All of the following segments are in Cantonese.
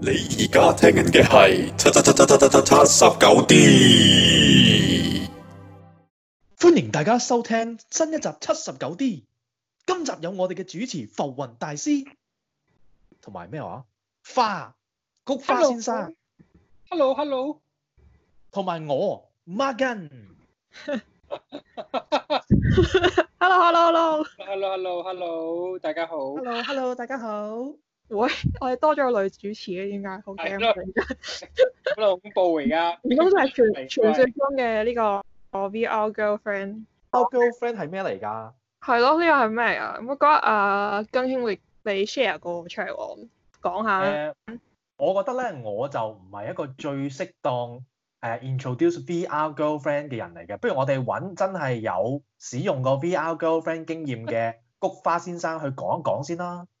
你而家聽緊嘅係七七七七七七七十九 D，歡迎大家收聽新一集七十九 D。今集有我哋嘅主持浮雲大師，同埋咩話花菊花先生，Hello Hello，同埋我 Morgan，Hello Hello Hello，Hello Hello Hello，大家好，Hello Hello 大家好。喂，我哋多咗個女主持嘅，點解？好驚啊！好 恐怖而家，唔通都係全白全最中嘅呢、這個對我 VR girlfriend？VR girlfriend 係咩嚟我噶？係咯，呢個係咩啊？咁我覺得啊，更興會你 share 個出嚟講下、呃、我覺得咧，我就唔係一個最適當誒、uh, introduce VR girlfriend 嘅人嚟嘅，不如我哋揾真係有使用過 VR girlfriend 經驗嘅菊花先生去講一講先啦。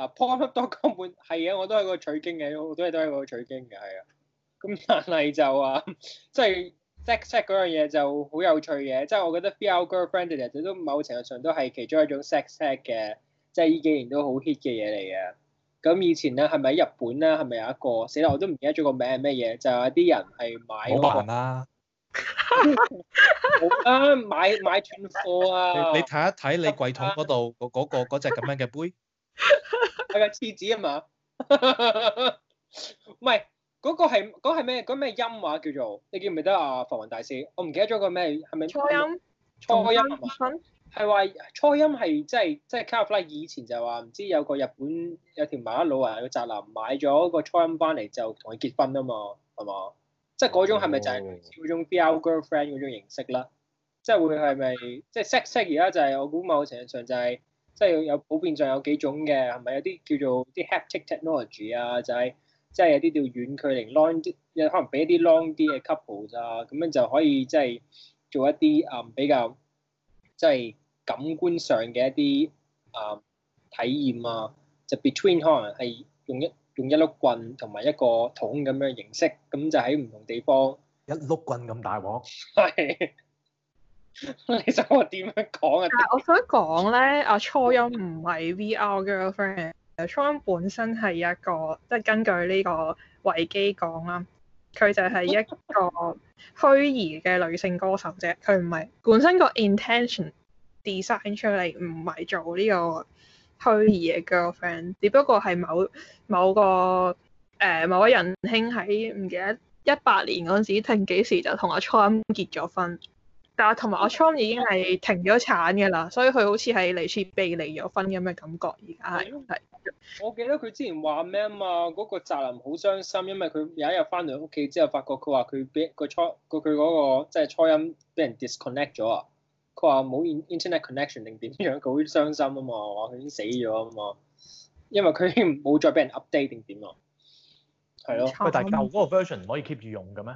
啊 pop up 多根本係啊！我都喺嗰取經嘅，好多嘢都喺嗰取經嘅，係啊。咁但係就啊，即係 sex set 嗰樣嘢就好有趣嘅。即係我覺得 feel girlfriend 其實都某程度上都係其中一種 sex set 嘅，即係依幾年都好 hit 嘅嘢嚟嘅。咁以前咧，係咪喺日本咧？係咪有一個？死啦！我都唔記得咗個名係咩嘢。就係有啲人係買，那個， 買，好辦啦！我啱買買斷貨啊！你睇一睇你櫃桶嗰度嗰嗰個嗰隻咁樣嘅杯。係啊，廁紙啊嘛，唔係嗰個係係咩咩音話，叫做你記唔記得啊？浮雲大師，我唔記得咗個咩係咪初音？初音係話，初音係分即係即係 Caroline 以前就話，唔知有個日本有條麻甩佬啊個宅男買咗個初音翻嚟就同佢結婚啊嘛係嘛？即係嗰種係咪就係嗰種 Be Our Girlfriend 嗰種形式啦，哦？即係會係咪即係 sex sex 而家就係、是、我估某程度上就係、是。即係有普遍上有幾種嘅，係咪有啲叫做啲 haptic technology 啊？就係即係有啲叫遠距離 long 啲，可能俾一啲 long 啲嘅 couple 咋，咁樣就可以即係做一啲誒比較即係、就是、感官上嘅一啲誒、呃、體驗啊。就 between 可能係用一用一碌棍同埋一個桶咁樣形式，咁就喺唔同地方一碌棍，咁大鑊。係。 你想我點樣講啊？我想講咧，阿 初音唔係 VR girlfriend。初音本身係一個即係根據呢個維基講啦，佢就係一個虛擬嘅女性歌手啫。佢唔係本身個 intention design 出嚟，唔係做呢個虛擬嘅 girlfriend，只不過係某某個誒、呃、某個人興喺唔記得一八年嗰陣時，定幾時就同阿初音結咗婚。同埋我 c o m 已經係停咗產嘅啦，所以佢好似係嚟似被離咗婚咁嘅感覺。而家係，係。我記得佢之前話咩啊嘛？嗰、那個澤林好傷心，因為佢有一日翻到屋企之後，發覺佢話佢俾個初 h r 佢嗰即係 c h r 人 disconnect 咗啊！佢話冇 internet connection 定點樣，佢好傷心啊嘛，話佢已經死咗啊嘛，因為佢已冇再俾人 update 定點啊。係咯。但舊嗰個 version 唔可以 keep 住用嘅咩？.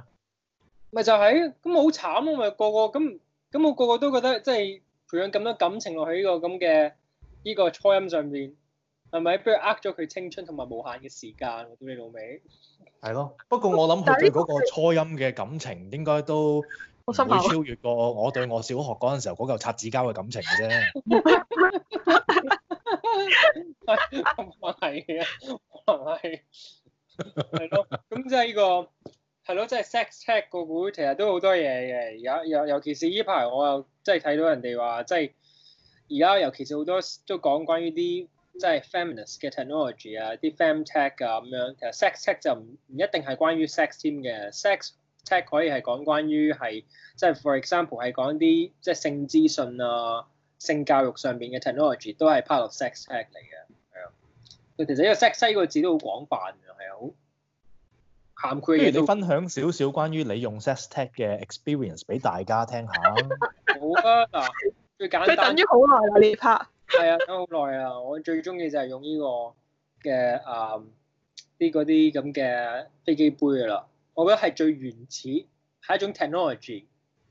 咪就係、是，咁好慘，啊，咪個個咁，咁我個個都覺得即係培養咁多感情落喺呢個咁嘅呢個初音上邊，係咪？不如呃咗佢青春同埋無限嘅時間，屌你老味。係咯，不過我諗佢對嗰個初音嘅感情應該都唔會超越過我對我小學嗰陣時候嗰嚿擦紙膠嘅感情嘅啫。唔係嘅，可能係係咯，咁即係呢個。係咯，即係、就是、sex tech 個會，其實都好多嘢嘅。而家尤其是呢排，我又即係睇到人哋話，即係而家尤其是好多都講關於啲即係、就是、feminist 嘅 technology 啊，啲 fem tech 啊咁樣。其實 sex tech 就唔唔一定係關於 sex 添嘅，sex tech 可以係講關於係即係 for example 係講啲即係性資訊啊、性教育上邊嘅 technology 都係 part of sex tech 嚟嘅。係啊，其實呢個 sex 呢個字都好廣泛㗎，係啊，好。不如你分享少少關於你用 SesTech 嘅 experience 俾大家聽下。好啊，嗱，最簡單。佢等咗好耐啦呢 part。係 啊，等好耐啊！我最中意就係用呢、呢個嘅誒啲嗰啲咁嘅飛機杯噶啦。我覺得係最原始，係一種 technology，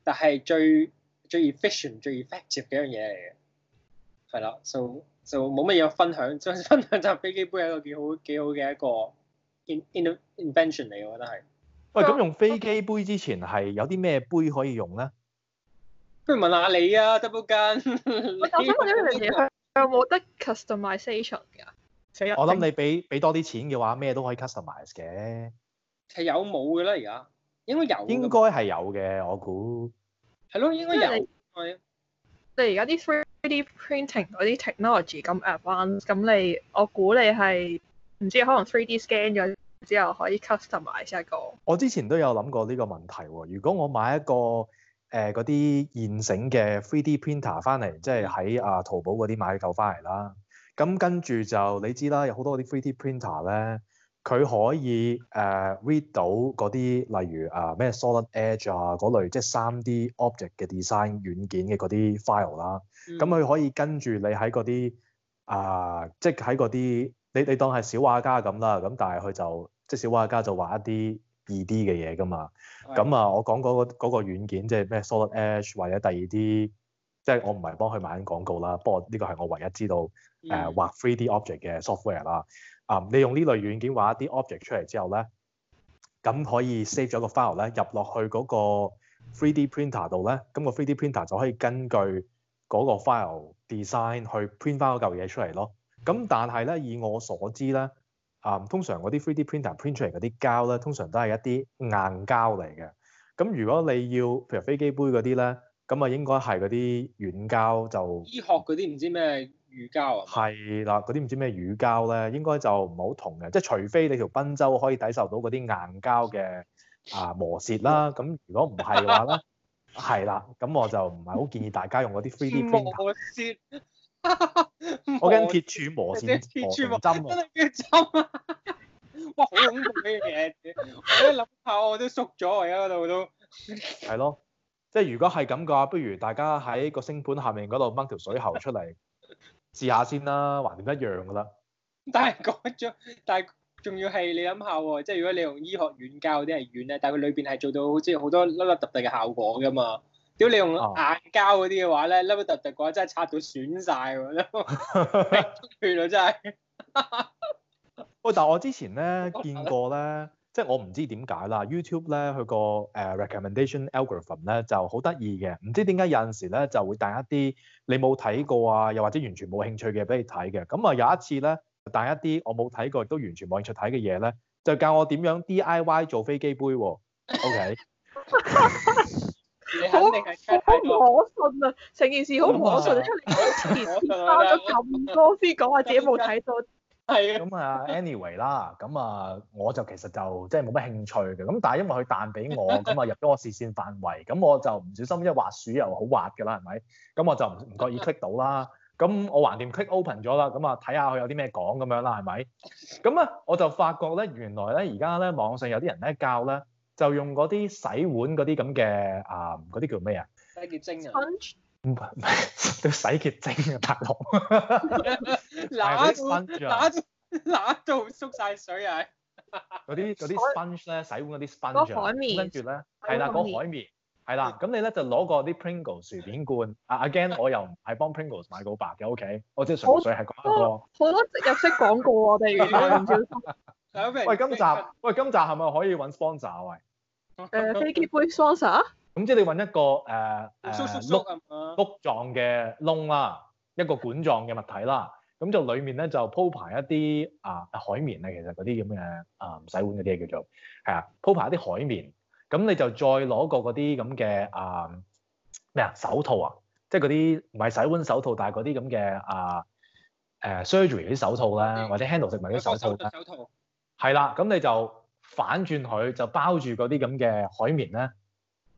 但係最最 efficient、最 efficient，最 effective 嘅一樣嘢嚟嘅。係啦、啊，就就冇乜嘢分享。再分享集飛機杯係一個幾好幾好嘅一個。in invention 嚟，我覺得係。喂，咁用飛機杯之前係有啲咩杯可以用咧？不如問下你啊，double gun 你。我就想問一樣嘢，佢有冇得 customisation 㗎？我諗你俾俾多啲錢嘅話，咩都可以 customise 嘅。係有冇嘅啦？而家應該有。應該係有嘅，我估。係咯，應該有。因為你，你而家啲 3D printing 嗰啲 technology 咁 advanced 咁你我估你係。唔知可能 3D scan 咗之後可以 custom 埋一個。我之前都有諗過呢個問題喎、哦。如果我買一個誒嗰啲現成嘅 3D printer 翻嚟，即係喺啊淘寶嗰啲買嚿翻嚟啦。咁跟住就你知啦，有好多嗰啲 3D printer 咧，佢可以誒、呃、read 到嗰啲，例如啊咩、呃、Solid Edge 啊嗰類，即、就、係、是、3D object 嘅 design 軟件嘅嗰啲 file 啦。咁佢、嗯、可以跟住你喺嗰啲啊，即係喺嗰啲。就是你你當係小畫家咁啦，咁但係佢就即係、就是、小畫家就畫一啲二 D 嘅嘢㗎嘛。咁啊的，我講嗰、那個嗰、那個、軟件即係、就、咩、是、Solid Edge 或者第二啲，即、就、係、是、我唔係幫佢買緊廣告啦。不過呢個係我唯一知道畫 three、呃、d object 嘅 software 啦。啊、嗯，uh, 你用呢類軟件畫一啲 object 出嚟之後咧，咁可以 save 咗個 file 咧，入落去嗰個 three d printer 度咧，咁、那個 three d printer 就可以根據嗰個 file design 去 print 翻嗰嚿嘢出嚟咯。咁但係咧，以我所知咧，啊，通常嗰啲 3D printer print 出嚟嗰啲膠咧，通常都係一啲硬膠嚟嘅。咁如果你要譬如飛機杯嗰啲咧，咁啊應該係嗰啲軟膠就醫學嗰啲唔知咩乳膠啊？係啦，嗰啲唔知咩乳膠咧，應該就唔好同嘅，即係除非你條賓州可以抵受到嗰啲硬膠嘅啊磨蝕啦。咁如果唔係嘅話咧，係啦， 咁我就唔係好建議大家用嗰啲 3D printer。 磨 我驚鐵柱磨線針，真係叫針啊！ 哇，好恐怖嘅嘢！我一諗下，我都縮咗而家度都。係咯，即係如果係咁嘅話，不如大家喺個星盤下面嗰度掹條水喉出嚟試 下先啦，橫掂一樣噶啦 。但係嗰張，但係仲要係你諗下，即係如果你用醫學院教啲係軟咧，但係佢裏邊係做到即係好多粒粒突突嘅效果噶嘛。屌，你用眼膠嗰啲嘅話咧，凹凹凸凸嘅話真係拆到損晒喎，嚇血真係！不過但係我之前咧 見過咧，即係我唔知點解啦，YouTube 咧佢、嗰個誒、uh, recommendation algorithm 咧就好得意嘅，唔知點解有陣時咧就會彈一啲你冇睇過啊，又或者完全冇興趣嘅嘢俾你睇嘅。咁啊有一次咧彈一啲我冇睇過亦都完全冇興趣睇嘅嘢咧，就教我點樣 DIY 做飛機杯喎、啊，OK？ 你好好唔可信啊！成件事好唔可信，啊， 出嚟前先花咗咁多先講下自己冇睇到。係咁啊，anyway 啦，咁啊，我就其實就即係冇乜興趣嘅。咁但係因為佢彈俾我，咁啊 入咗我視線範圍，咁我就唔小心一滑鼠又好滑嘅啦，係咪？咁我就唔唔覺意 click 到啦。咁我橫掂 click open 咗啦。咁啊睇下佢有啲咩講咁樣啦，係咪？咁啊我就發覺咧，原來咧而家咧網上有啲人咧教咧。就用嗰啲洗碗嗰啲咁嘅啊，嗰啲叫咩啊？洗潔精啊 sponge 唔唔係洗潔精啊，白糖攬住啊，攬住攬住縮曬水啊！嗰啲嗰啲 sponge 咧，洗碗嗰啲 sponge 海綿，跟住咧係啦，講海綿係啦，咁你咧就攞個啲 Pringles 薯片罐啊，again 我又唔係幫 Pringles 買個白嘅，OK？我即係純粹係講好多植入式廣告啊！我哋唔小心。喂，今集喂，今集係咪可以揾 sponsor？啊、喂，誒飛機杯 sponsor？咁即係你揾一個誒，碌碌狀嘅窿啦，一個管狀嘅物體啦，咁就裡面咧就鋪排一啲啊海綿咧，其實嗰啲咁嘅啊唔洗換嗰啲叫做係啊，鋪排一啲海綿，咁你就再攞個嗰啲咁嘅啊咩啊手套啊，即係嗰啲唔係洗碗手套，但係嗰啲咁嘅啊誒、啊、surgery 啲手套啦，嗯、或者 handle 食物啲手套啦。係啦，咁你就反轉佢，就包住嗰啲咁嘅海綿咧，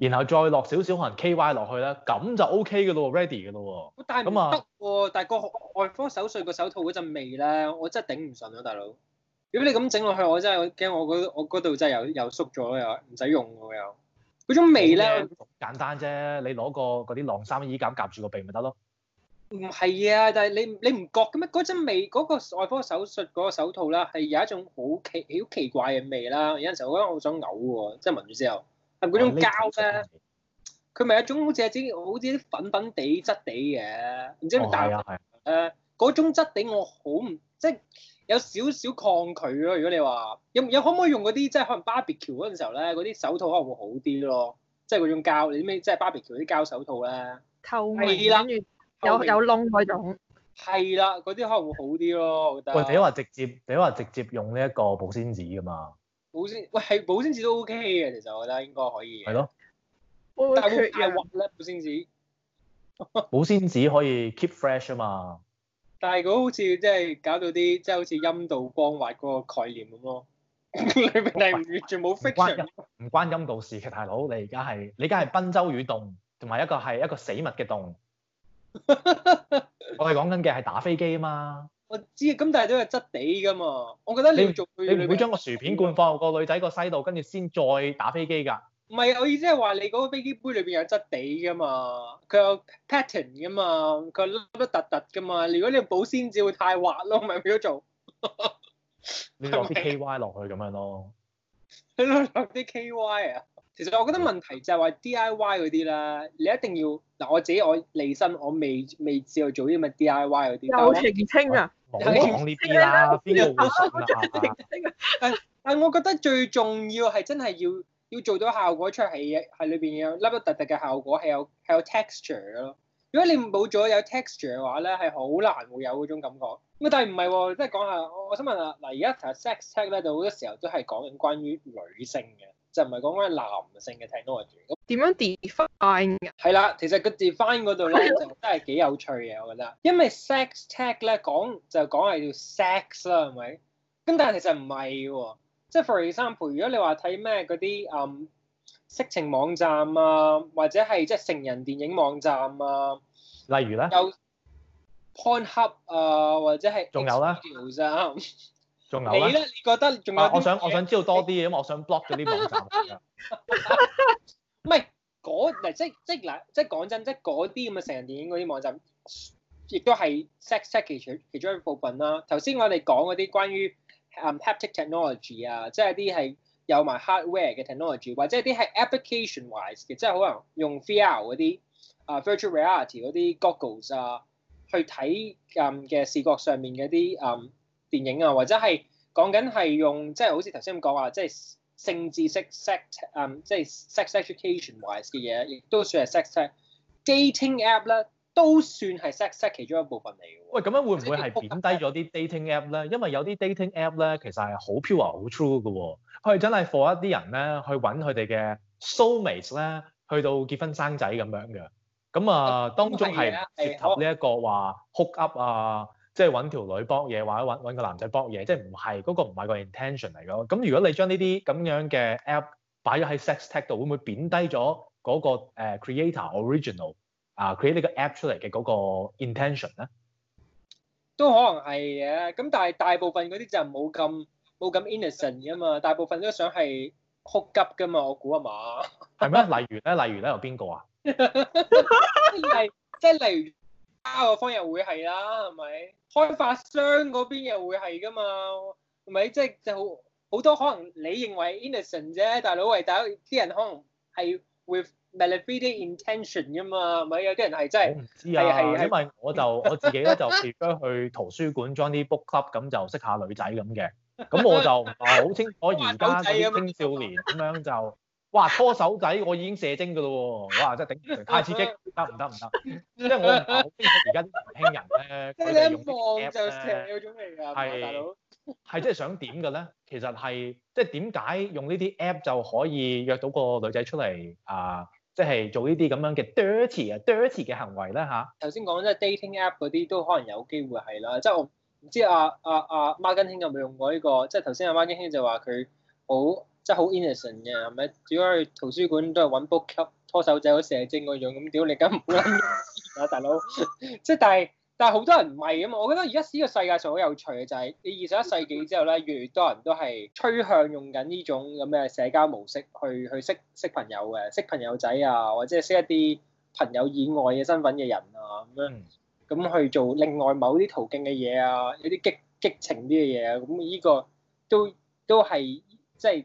然後再落少少可能 K Y 落去啦，咁就 O K 嘅咯，ready 嘅咯。咁啊，唔得喎就，但係個外科手術個手套嗰陣味咧，我真係頂唔順啊，大佬。如果你咁整落去，我真係我驚我嗰我度真係又又縮咗又唔使用喎又。嗰種味咧，簡單啫，你攞個嗰啲晾衫衣夾夾住個鼻咪得咯。唔係啊，但係你你唔覺咁咩？嗰陣味嗰、嗰個外科手術嗰、嗰個手套啦，係有一種好奇好奇怪嘅味啦。有陣時候我覺得我想嘔喎，即係聞住之後係嗰種膠咩？佢咪係一種好似係啲好似啲粉粉地質地嘅，唔知點大誒嗰種質地我好唔即係有少少抗拒咯、啊。如果你話有有可唔可以用嗰啲即係可能 BBQ 嗰陣時候咧嗰啲手套可能會好啲咯，即係嗰種膠，你知唔知即係 BBQ 啲膠手套咧透明美嘅。有有窿嗰種，係啦，嗰啲可能會好啲咯，我覺得。喂，你話直接你話直接用呢一個保鮮紙噶嘛？保鮮喂，係保鮮紙都 OK 嘅，其實我覺得應該可以嘅。係咯的。但係會壓滑咧保鮮紙。保鮮紙可以 keep fresh 啊嘛。但係佢好似即係搞到啲即係好似陰道光滑嗰個概念咁咯。 你係完全冇 fiction 唔關陰道事嘅大佬，你而家係你而家係賓周雨洞，同埋一個係一個死物嘅洞。 我係講緊嘅係打飛機啊嘛！我知，咁但係都有質地噶嘛。我覺得你要做，你唔會將個薯片罐放個女仔個西度，跟住先再打飛機㗎。唔係，我意思係話你嗰個飛機杯裏邊有質地噶嘛，佢有 pattern 噶嘛，佢凹凹凸凸噶嘛。如果你保鮮紙會太滑咯，咪唔好做。 你落啲 K Y 落去咁樣咯。 你落啲 K Y 啊？其實我覺得問題就係話 D I Y 嗰啲啦，你一定要嗱我自己我離身我未未試過做啲乜 D I Y 嗰啲，又澄清，清啊，講呢但但係我覺得最重要係真係要要做到效果，出係係裏邊有凹凸凸嘅效果，係有係有 texture 咯。如果你冇咗有，有 texture 嘅話咧，係好難會有嗰種感覺。咁但係唔係喎，即係講下，我想問下，嗱而家其實 sex check 咧，好多時候都係講緊關於女性嘅。就唔係講緊男性嘅 technology，咁點樣 define？係啦，其實個 define 嗰度咧就真係幾有趣嘅，我覺得。因為 sex tech 咧講就講係叫 sex 啦，係咪？咁但係其實唔係喎，即係 for example 如果你話睇咩嗰啲嗯色情網站啊，或者係即係成人電影網站啊，例如咧，有 PornHub 啊，或者係仲有啦。者 仲有你咧？你覺得仲有啲？我想我想知道多啲嘢，因為我想 block 咗啲網站。唔係嗰，嗱，即即，嗱，即講真，即嗰啲咁嘅成人電影嗰啲網站，亦都係 sex tech 其中一部分啦。頭先我哋講嗰啲關於嗯 haptic technology 啊，即係啲係有埋 hardware 嘅 technology，或者啲係 application wise 嘅，即係可能用 VR 嗰啲啊 virtual reality 嗰啲 goggles 啊，去睇嘅視覺上面嘅啲嗯。電影啊，或者係講緊係用，即係好似頭先咁講啊，即係性知識 sex，嗯，即係 sex education wise 嘅嘢，亦都算係 sex。dating app 咧都算係 sex 其中一部分嚟嘅喎。喂，咁樣會唔會係貶低咗啲 dating app 咧？因為有啲 dating app 咧其實係好 pure 好 true 嘅喎，哦，佢係真係 for 一啲人咧去揾佢哋嘅 soulmates 咧，去到結婚生仔咁樣嘅。咁、嗯、啊，當中係呢一個話 hook up 啊。即係揾條女搏嘢，或者揾揾個男仔搏嘢，即係唔係嗰個唔係個 intention 嚟㗎。咁如果你將呢啲咁樣嘅 app 擺咗喺 sex tech 度，會唔會貶低咗嗰個 creator original 啊、uh，？create 呢個 app 出嚟嘅嗰個 intention 咧？都可能係嘅、啊，咁但係大，大部分嗰啲就冇咁冇咁 innocent 啊嘛，大部分都想係好急㗎嘛，我估啊嘛？係咩？例如咧，例如咧，有邊個啊？ 例即係例，例如。交嗰方又會係啦，係咪？開發商嗰邊又會係噶嘛，係咪？即係就好好多可能你認為 innocent 啫，大佬，喂，大係啲人可能係會 malicious intention 噶嘛，咪有啲人係真係。唔知啊。係係因為我就我自己咧，就 prefer 去圖書館 join 啲 book club 咁就識下女仔咁嘅，咁我就唔係好清楚而家啲青少年咁樣就。 哇！拖手仔，我已經射精㗎喇喎！哇！真係頂唔順，太刺激，得唔得唔得？即係我好佩服而家啲年輕人咧，佢哋用啲 app 誒，係即係想點嘅咧？其實係即係點解用呢啲 app 就可以約到個女仔出嚟啊？即、就、係、是、做呢啲咁樣嘅 dirty 啊，dirty 嘅行為咧嚇？頭先講即係 dating app 嗰啲都可能有機會係啦。即係我唔知阿阿阿孖根兄有冇用過呢、這個？即係頭先阿孖根兄就話佢好。哦即係好 innocent 嘅，係咪？主要去圖書館都係揾 book 級，拖手仔好射精嗰種咁，屌你咁啊大佬！即 係但係但係好多人唔係咁啊！我覺得而家呢個世界上好有趣嘅就係你二十一世紀之後咧，越嚟越多人都係趨向用緊呢種咁嘅社交模式去去識識朋友嘅，識朋友仔啊，或者係識一啲朋友以外嘅身份嘅人啊咁樣，咁去做另外某啲途徑嘅嘢啊，有啲激激情啲嘅嘢啊，咁呢個都都係即係。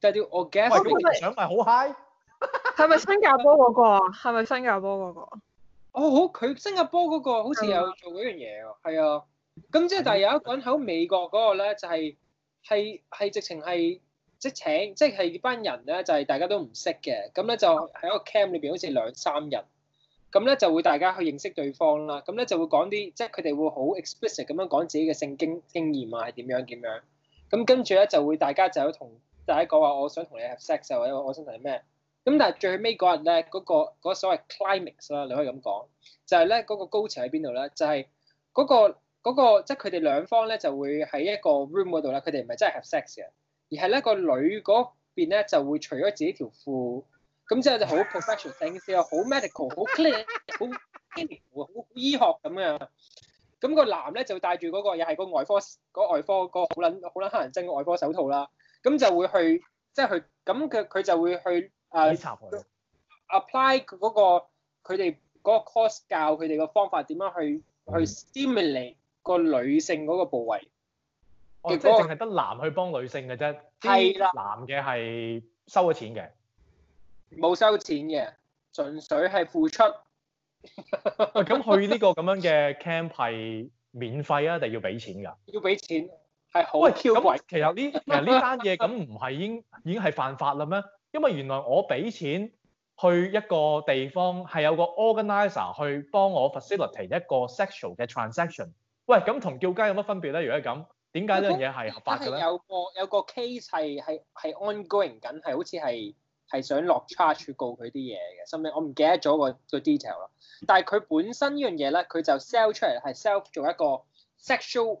就係叫我 guess，喂，影相咪好嗨？係咪新加坡嗰個啊？係咪新加坡嗰個啊？哦，好，佢新加坡嗰個好似有做過嗰樣嘢喎。係啊的，咁即係，但係有一個喺美國嗰個咧，就係係係直情係即請即係班人咧，就係、是就是就是、大家都唔識嘅。咁咧就喺一個 camp 裏邊，好似兩三人咁咧就會大家去認識對方啦。咁咧就會講啲即係佢哋會好 explicit 咁樣講自己嘅性經經驗啊，係點樣點樣咁，跟住咧就會大家就喺同。大家講話，我想同你 have sex，或者我我想同你咩咁。但係最尾嗰日咧，嗰、嗰個嗰個所謂 climax 啦，你可以咁講，就係咧嗰個高潮喺邊度咧？就係、是、嗰、嗰個即係佢哋兩方咧就會喺一個 room 嗰度啦。佢哋唔係真係 have sex 嘅，而係咧、嗰個女嗰邊咧就會除咗自己條褲，咁之後就好 professional things 啊，好 medical，好 clean，好 clean 啊，好醫學咁樣。咁、嗰個男咧就戴住嗰、嗰個又係個外科、嗰個外科、嗰個好撚好撚乞人憎嘅外科手套啦。咁就會去，即、就、係、是、去，咁佢佢就會去誒、uh, apply 佢嗰、嗰個佢哋嗰個 course 教佢哋嘅方法點樣去、嗯、去 stimulate 個女性嗰個部位。哦，果即係淨係得男去幫女性嘅啫，係啦的，男嘅係收咗錢嘅，冇收錢嘅，純粹係付出。咁、 哎、去呢個咁樣嘅 camp 係免費啊，定要俾錢㗎？要俾錢。貴，喂，咁其實呢，其實呢單嘢咁唔係已經已經係犯法啦咩？因為原來我俾錢去一個地方，係有個 organizer 去幫我 facilitate 一個 sexual 嘅 transaction。喂，咁同叫街有乜分別咧？如果係咁，點解呢樣嘢係合法嘅咧？有個有個 case 係係 ongoing 緊，係好似係係想落 charge 告佢啲嘢嘅，甚至我唔記得咗、個、個 detail 啦。但係佢本身呢樣嘢咧，佢就 sell 出嚟係 sell 做一個 sexual。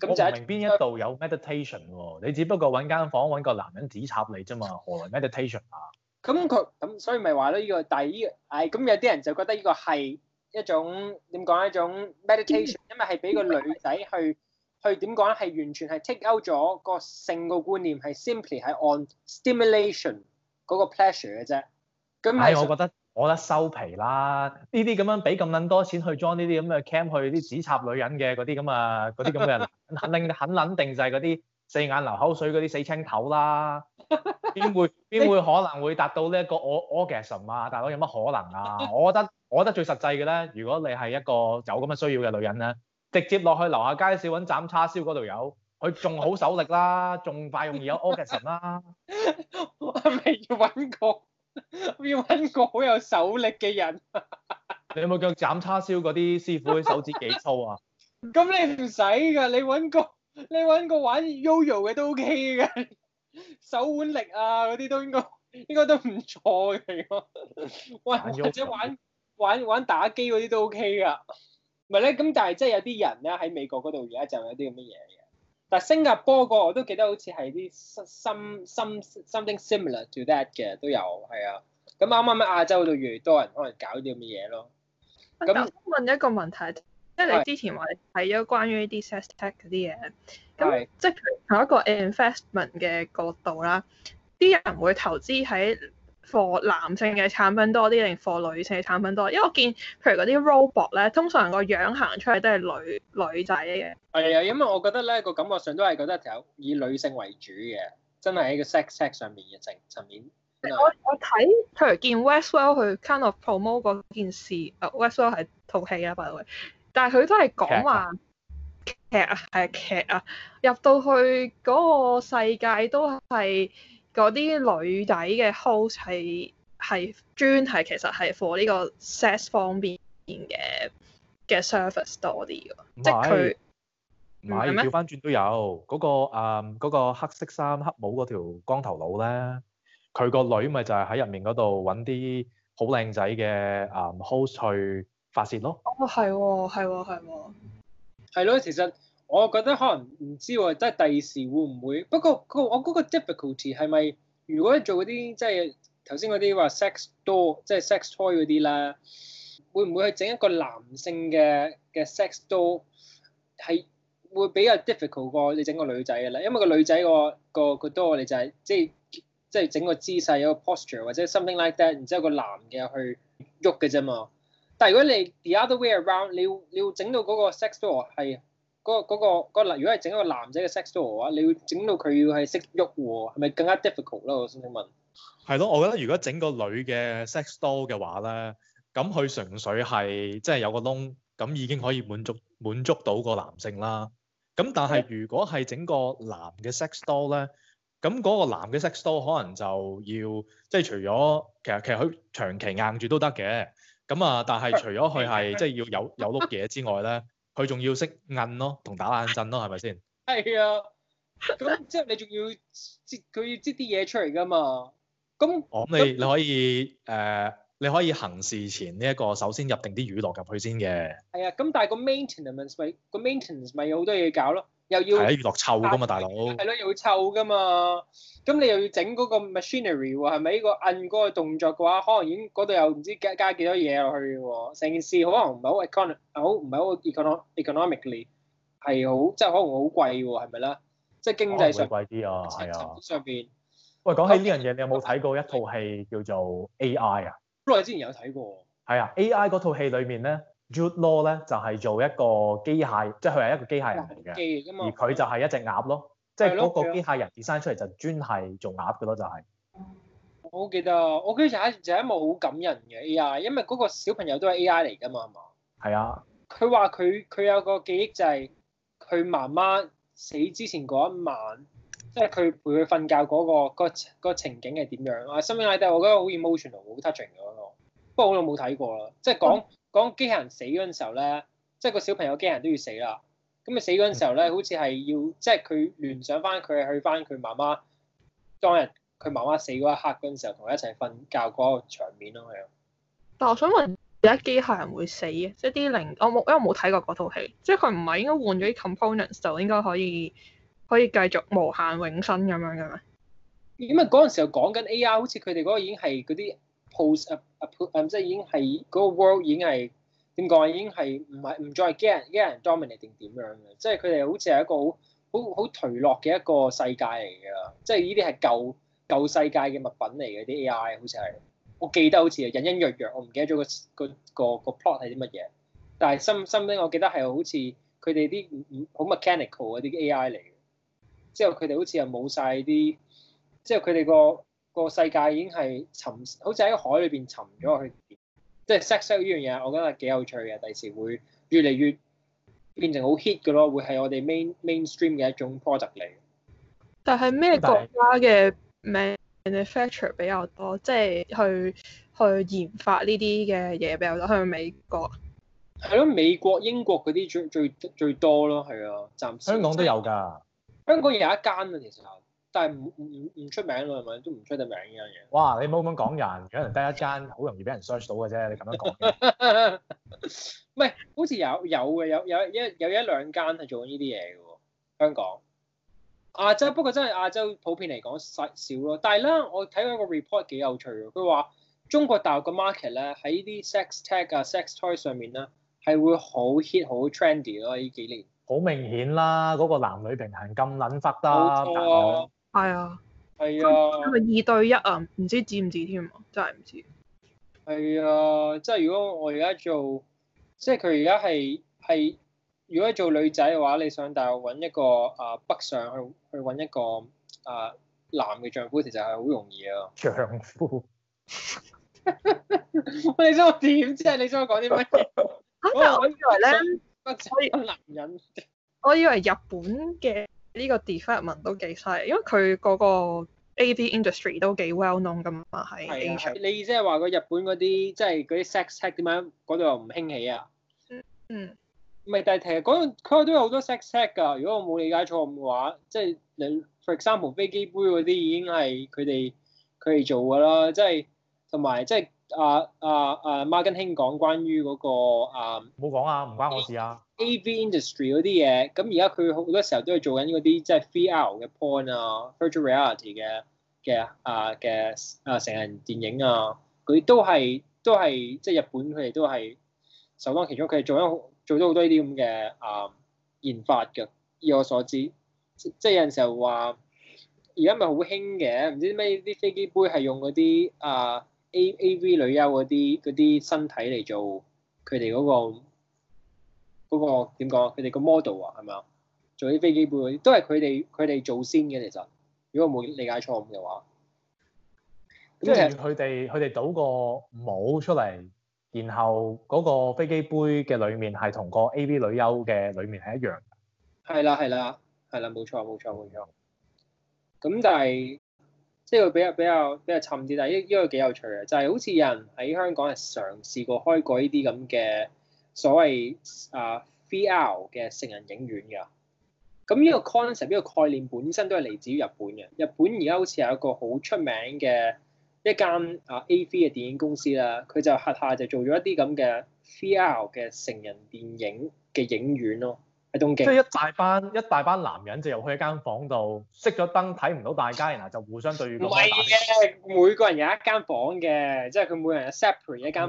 咁就喺邊一度有 meditation 喎？你只不過揾間房揾個男人指插你啫嘛，何來 meditation 啊？咁佢咁所以咪話囉。呢個第依個唉，咁有啲人就覺得呢個係一種點講？一種 meditation，因為係俾個女仔去去點講咧？係完全係 take out 咗個性個觀念，係 simply 係按 stimulation 嗰個 pleasure 嘅啫。咁係，我覺得。我覺得收皮啦！呢啲咁樣俾咁撚多錢去 join 呢啲咁嘅 camp 去啲指插女人嘅嗰啲咁啊，嗰啲咁嘅人，肯定肯撚定就係嗰啲四眼流口水嗰啲死青頭啦！邊會邊會可能會達到呢一個我 orgasm 啊？大佬有乜可能啊？我覺得我覺得最實際嘅咧，如果你係一個有咁嘅需要嘅女人咧，直接落去樓下街市揾斬叉燒嗰度有，佢仲好手力啦，仲快容易有 orgasm 啦。我係未揾過。 要揾個好有手力嘅人。 你有冇見斬叉燒嗰啲師傅手指幾粗啊？咁 你唔使噶，你揾個你揾個玩 yoyo 嘅都 ok 嘅， 手腕力啊嗰啲都應該應該都唔錯嘅。喂， 或者玩玩玩打機嗰啲都 ok 噶。唔係咧，咁但係即係有啲人咧喺美國嗰度而家就有啲咁嘅嘢嘅。嗱，新加坡個我都記得好似係啲 some something similar to that 嘅都有，係啊。咁啱啱喺亞洲度越多人可能搞啲咁嘅嘢咯。咁問一個問題，的即係你之前話你睇咗關於啲 SAS tech 嗰啲嘢，咁的即係從一個 investment 嘅角度啦，啲人會投資喺貨男性嘅產品多啲定貨女性嘅產品多？因為我見譬如嗰啲 robot 咧，通常個樣行出嚟都係女女仔嘅。係啊，因為我覺得咧、那個感覺上都係覺得就以女性為主嘅，真係喺個 sex sex 上面嘅層層面。我我睇譬如見 Westwell 佢 kind of promote 嗰件事，啊 Westwell 係套戲啊，by t 但係佢都係講話劇啊，係劇，啊、劇啊，入到去嗰個世界都係。嗰啲女仔嘅 host 係係專係其實係 for 呢個 sex 方面嘅嘅 service 多啲㗎，是即係佢唔係調翻轉都有嗰嗎、個啊嗰個、um, 黑色衫黑帽嗰條光頭佬咧，佢個女咪就係喺入面嗰度揾啲好靚仔嘅啊 host 去發泄咯。哦，係喎、哦，係喎、哦，係喎、哦，係咯、哦哦 哦，其實。我覺得可能唔知喎，即第二時會唔會？不過個我嗰個 difficulty 係咪？如果做嗰啲即係頭先嗰啲話 sex door，即係 sex toy 嗰啲咧，會唔會去整一個男性嘅嘅 sex door？係會比較 difficult 過你整個女仔嘅咧，因為個女仔個個個多、就係，你就係即係即係整個姿勢有個 posture 或者 something like that，然之後個男嘅去喐嘅啫嘛。但係如果你 the other way around，你要你要整到嗰個 sex door 係？嗰、那個嗰、那個、如果係整一個男仔嘅 sex doll 嘅話，你要整到佢要係識喐喎，係咪更加 difficult 咧？我想問。係咯，我覺得如果整個女嘅 sex doll 嘅話咧，咁佢純粹係即係有個窿，咁已經可以滿足滿足到個男性啦。咁但係如果係整個男嘅 sex doll 咧，咁嗰個男嘅 sex doll 可能就要即係、就是、除咗其實其實佢長期硬住都得嘅，咁啊，但係除咗佢係即係要有有碌嘢之外咧。佢仲要識摁咯，同打冷震咯，係咪先？係啊，咁即係你仲要摺佢要擠啲嘢出嚟㗎嘛？咁哦，咁你、嗯、你可以誒，uh, 你可以行事前呢、這、一個首先入定啲雨落入去先嘅。係啊，咁但係個 maintenance 咪個、就是、maintenance 咪有好多嘢搞咯。又要係喺娛樂臭噶嘛，大佬係咯，又要臭噶嘛。咁你又要整嗰個 machinery 喎，係咪？個按嗰個動作嘅話，可能已經嗰度又唔知加加幾多嘢落去喎。成件事可能唔係好 economy，唔係好 economy，economically 係好，即係可能好貴喎，係咪啦？即係經濟上貴啲啊，係啊，上邊。喂，講起呢樣嘢，你有冇睇過一套戲叫做 AI 啊？好耐之前有睇過。係啊，AI 嗰套戲裡面咧。Jude Law 咧就係、是、做一個機械，即係佢係一個機械人嚟嘅，的而佢就係一隻鴨咯，的即係嗰個機械人 design 出嚟就專係做鴨嘅咯，就係。我記得我嗰時睇就係、一幕好感人嘅 AI，因為嗰個小朋友都係 AI 嚟㗎嘛，係嘛？係啊是的。佢話佢佢有個記憶就係佢媽媽死之前嗰一晚，即係佢陪佢瞓覺嗰、那個、那個那個情景係點樣啊 so 我覺得好 emotional，好 touching 嗰個。不過好耐冇睇過啦，即係講講機械人死嗰陣時候咧，哦、即係個小朋友機械人都要死啦。咁你死嗰陣時候咧，好似係要即係佢聯想翻佢去翻佢媽媽當日佢媽媽死嗰一刻嗰陣時候，同佢一齊瞓覺嗰個場面咯，係啊。但我想問，而家機械人會死嘅？即係啲零我冇，因為我冇睇過嗰套戲，即係佢唔係應該換咗啲 components 就應該可以可以繼續無限永生咁樣嘅咩？因為嗰陣時候講緊 A.I.，好似佢哋嗰個已經係嗰啲。pose a, a、um, 即係已經係嗰個 world 已經係點講啊已經係唔係唔再係一人一人 dominating 點樣嘅即係佢哋好似係一個好好好頹落嘅一個世界嚟嘅。即係呢啲係舊舊世界嘅物品嚟嘅啲 AI 好似係我記得好似係隱隱約約我唔記得咗、嗰個、嗰個、嗰個 plot 係啲乜嘢，但係深深啲我記得係好似佢哋啲好 mechanical 嗰啲 AI 嚟嘅。之後佢哋好似係冇晒啲，之後佢哋個。個世界已經係沉，好似喺海裏邊沉咗去，即係 sex tech 呢樣嘢，我覺得幾有趣嘅。第時會越嚟越變成好 hit 嘅咯，會係我哋 main, mainstream 嘅一種 product 嚟。但係咩國家嘅 manufacture 比較多？即係拜去去研發呢啲嘅嘢比較多，去美國？係咯，美國、英國嗰啲最最最多咯，係咯。暫時香港都有㗎，香港有一間啊，其實。但係唔唔出名咯，係咪都唔出得名呢樣嘢？哇！你唔好咁講人，可能得一間好容易俾人 search 到嘅啫。你咁樣講，唔係 好似有有嘅有有，有，有一有一兩間係做緊呢啲嘢嘅喎，香港亞洲，不過真係亞洲普遍嚟講細少咯。但係咧，我睇到一個 report 幾有趣嘅，佢話中國大陸嘅 market 咧，喺啲 sex tech 啊、sex toy 上面咧係會好 hit 很、好 trendy 咯。呢幾年好明顯啦，嗰、那個男女平衡咁撚忽得。冇錯、啊。係、哎、啊，係啊，係咪二對一啊？唔知知唔知添啊，真係唔知。係啊，即係如果我而家做，即係佢而家係係，如果做女仔嘅話，你上大學揾一個啊北上去去揾一個啊男嘅丈夫，其實係好容易啊。丈夫， 你想我點知？你想我講啲乜嘢？ 我以為咧，我男人，我以為日本嘅。呢個 development 都幾犀利，因為佢嗰個 AV industry 都幾 well known 㗎嘛，喺你意思 Asia 你即係話個日本嗰啲即係嗰啲 sex tech 點樣嗰度又唔興起啊？嗯，嗯，唔係，但係其實嗰度嗰度都有好多 sex tech 㗎。如果我冇理解錯嘅話，即係你 for example 飛機杯嗰啲已經係佢哋佢哋做㗎啦。即係同埋即係啊啊啊 Margen 興講關於嗰個啊，冇講啊，唔關我事啊。A.V. industry 嗰啲嘢，咁而家佢好多時候都係做緊嗰啲即係 three D 嘅 porn 啊，virtual reality 嘅嘅啊嘅啊成人電影啊，佢都係都係即係日本佢哋都係首當其衝，佢哋做緊做咗好多呢啲咁嘅啊研發㗎。以我所知，即係有陣時候話，而家咪好興嘅，唔知咩啲飛機杯係用嗰啲啊 A.V. 女優嗰啲嗰啲身體嚟做佢哋嗰個。嗰、那個點講佢哋個 model 啊，係咪啊？做啲飛機杯都係佢哋佢哋做先嘅。其實，如果冇理解錯嘅話，即係佢哋佢哋倒個模出嚟，然後嗰個飛機杯嘅裏面係同個 AV 女優嘅裏面係一樣。係啦，係啦，係啦，冇錯，冇錯，冇錯。咁但係即係比較比較比較沉啲，但係依依個幾有趣嘅，就係、是、好似有人喺香港係嘗試過開過呢啲咁嘅。所謂啊，VR 嘅成人影院㗎。咁呢個 concept，呢、呢個概念本身都係嚟自於日本嘅。日本而家好似有一個好出名嘅一間啊、uh, A.V. 嘅電影公司啦，佢就下下就做咗一啲咁嘅 VR 嘅成人電影嘅影院咯，喺東京。即係一大班一大班男人就入去一間房度，熄咗燈睇唔到大家，然後就互相對。唔係嘅，每個人有一間房嘅，即係佢每人 separate 一間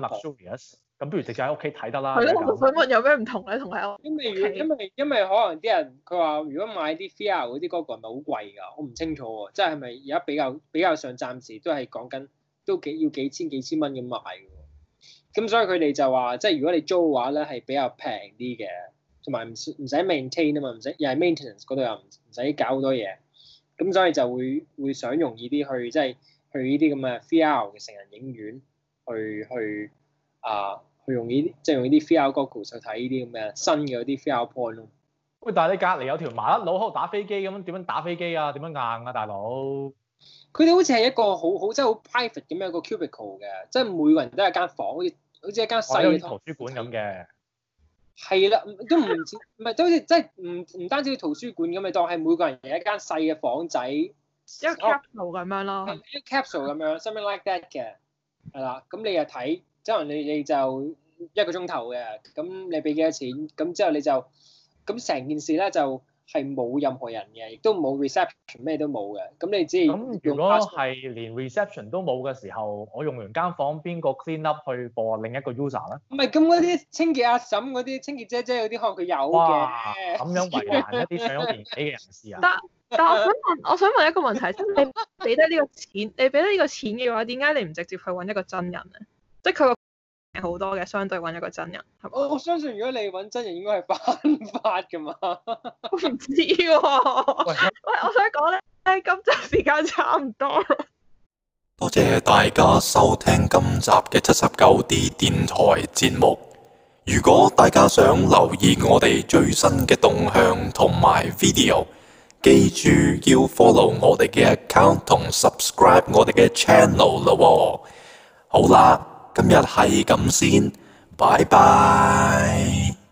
咁不如直接喺屋企睇得啦。係咯的，我唔想問有咩唔同咧，同喺我。因為因為因為可能啲人佢話，如果買啲 VR 嗰啲嗰個係咪好貴㗎？我唔清楚喎。即係係咪而家比較比較上，暫時都係講緊都幾要幾千幾千蚊咁賣㗎。咁所以佢哋就話，即係如果你租嘅話咧，係比較平啲嘅，同埋唔唔使 maintain 啊嘛，唔使又係 maintenance 嗰度又唔唔使搞好多嘢。咁所以就會會想容易啲去即係去呢啲咁嘅 VR 嘅成人影院去去。啊！用呢啲即係用啲 Phil Google 就睇呢啲咁嘅新嘅嗰啲 Phil Point 咯。喂，但係你隔離有條麻甩佬喺度打飛機咁樣，點樣打飛機啊？點樣硬啊，大佬？佢哋好似係一個好好即係好 private 咁樣個 cubicle 嘅，即係每個人都係間房，好似好似一間細嘅圖書館咁嘅。係啦，都唔唔唔係都好似即係唔唔單止圖書館咁咪當係每個人有一間細嘅房仔，一個 capsule 咁樣咯。一個 capsule 咁樣，something like that 嘅，係啦。咁你又睇？即係你，你就一個鐘頭嘅，咁你俾幾多錢？咁之後你就咁成件事咧，就係冇任何人嘅，亦都冇 reception，咩都冇嘅。咁你知咁如果係連 reception 都冇嘅時候，我用完間房，邊個 clean up 去播另一個 user 咧？唔係咁嗰啲清潔阿嬸、嗰啲清潔姐姐、嗰啲可能佢有嘅。咁樣為難一啲上年紀嘅人士啊！ 但但我想問，我想問一個問題，你俾得呢個錢，你俾得呢個錢嘅話，點解你唔直接去揾一個真人咧？即係佢個好多嘅，相對揾一個真人。我相信如果你揾真人應該係犯法㗎嘛，唔 知喎、啊。喂，喂，我想講呢，今集時間差唔多。多謝大家收聽今集嘅七十九 D 電台節目。如果大家想留意我哋最新嘅動向同埋 video，記住要 follow 我哋嘅 account 同 subscribe 我哋嘅 channel 啦喎。好啦。今日係咁先，拜拜。